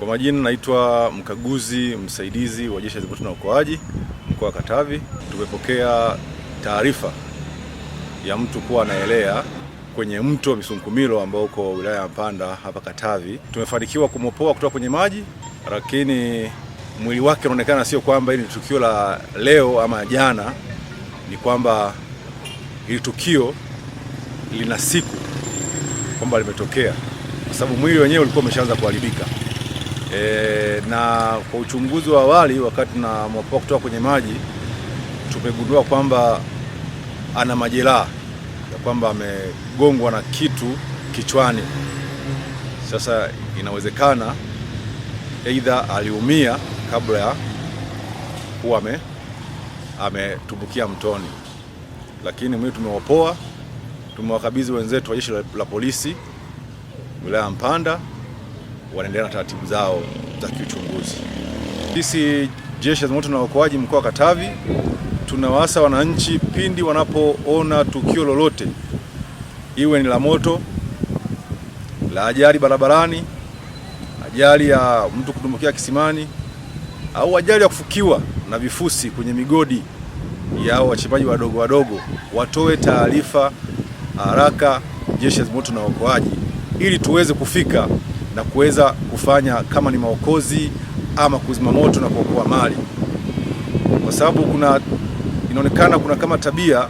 Kwa majina naitwa mkaguzi msaidizi wa jeshi la zimamoto na uokoaji mkoa wa Katavi. Tumepokea taarifa ya mtu kuwa anaelea kwenye mto Misunkumilo ambao uko wilaya ya Mpanda hapa Katavi. Tumefanikiwa kumwopoa kutoka kwenye maji, lakini mwili wake unaonekana, sio kwamba hili ni tukio la leo ama jana, ni kwamba hili tukio lina siku kwamba limetokea, kwa sababu mwili wenyewe ulikuwa umeshaanza kuharibika. E, na kwa uchunguzi wa awali wakati na mwapoa kutoka kwenye maji tumegundua kwamba ana majeraha ya kwamba amegongwa na kitu kichwani. Sasa inawezekana aidha aliumia kabla ya kuwa ametumbukia mtoni, lakini mwili tumewapoa, tumewakabidhi wenzetu wa jeshi la polisi wilaya ya Mpanda wanaendelea na taratibu zao za kiuchunguzi. Sisi jeshi la zimamoto na uokoaji mkoa wa Katavi tunawaasa wananchi pindi wanapoona tukio lolote, iwe ni la moto, la ajali barabarani, ajali ya mtu kutumbukia kisimani, au ajali ya kufukiwa na vifusi kwenye migodi ya wachimbaji wadogo wadogo, watoe taarifa haraka jeshi la zimamoto na uokoaji ili tuweze kufika na kuweza kufanya kama ni maokozi ama kuzima moto na kuokoa mali, kwa sababu kuna inaonekana kuna kama tabia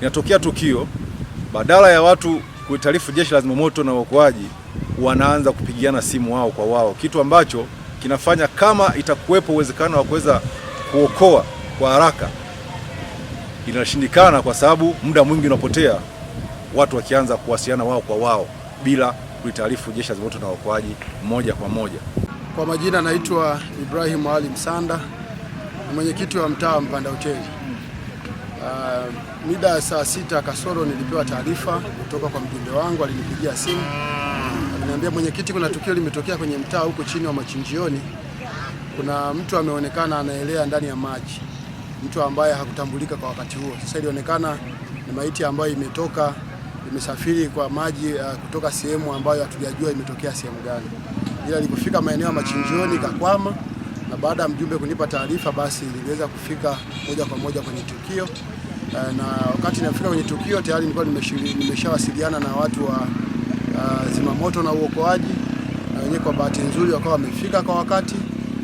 inatokea tukio, badala ya watu kuitarifu jeshi la zimamoto na uokoaji, wanaanza kupigiana simu wao kwa wao, kitu ambacho kinafanya kama itakuwepo uwezekano wa kuweza kuokoa kwa haraka inashindikana, kwa sababu muda mwingi unapotea, watu wakianza kuwasiliana wao kwa wao bila kuitaarifu jeshi la zimamoto na uokoaji moja kwa moja. Kwa majina naitwa Ibrahim Ali Msanda, ni mwenyekiti wa mtaa Mpanda Hoteli. Uh, mida ya saa sita kasoro nilipewa taarifa kutoka kwa mjumbe wangu, alinipigia simu aliniambia mwenyekiti, kuna tukio limetokea kwenye mtaa huko chini wa machinjioni. Kuna mtu ameonekana anaelea ndani ya maji, mtu ambaye hakutambulika kwa wakati huo. Sasa ilionekana ni maiti ambayo imetoka tumesafiri kwa maji uh, kutoka sehemu ambayo hatujajua imetokea sehemu gani, ila ilipofika maeneo ya machinjioni ikakwama, na baada ya mjumbe kunipa taarifa, basi niliweza kufika moja kwa moja kwenye tukio uh, na wakati nafika kwenye tukio tayari nilikuwa nimeshawasiliana na watu wa uh, zimamoto na uokoaji, na wenyewe kwa bahati nzuri wakawa wamefika kwa wakati,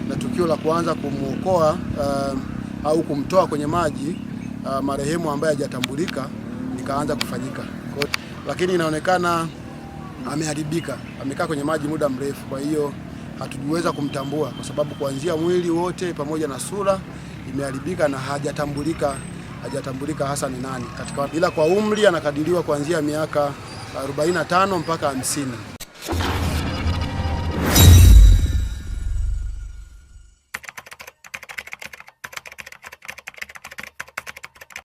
na tukio la kuanza kumwokoa uh, au kumtoa kwenye maji uh, marehemu ambaye hajatambulika nikaanza kufanyika lakini inaonekana ameharibika, amekaa kwenye maji muda mrefu, kwa hiyo hatujiweza kumtambua kwa sababu kuanzia mwili wote pamoja na sura imeharibika na hajatambulika, hajatambulika hasa ni nani katika, ila kwa umri anakadiriwa kuanzia miaka 45 mpaka 50.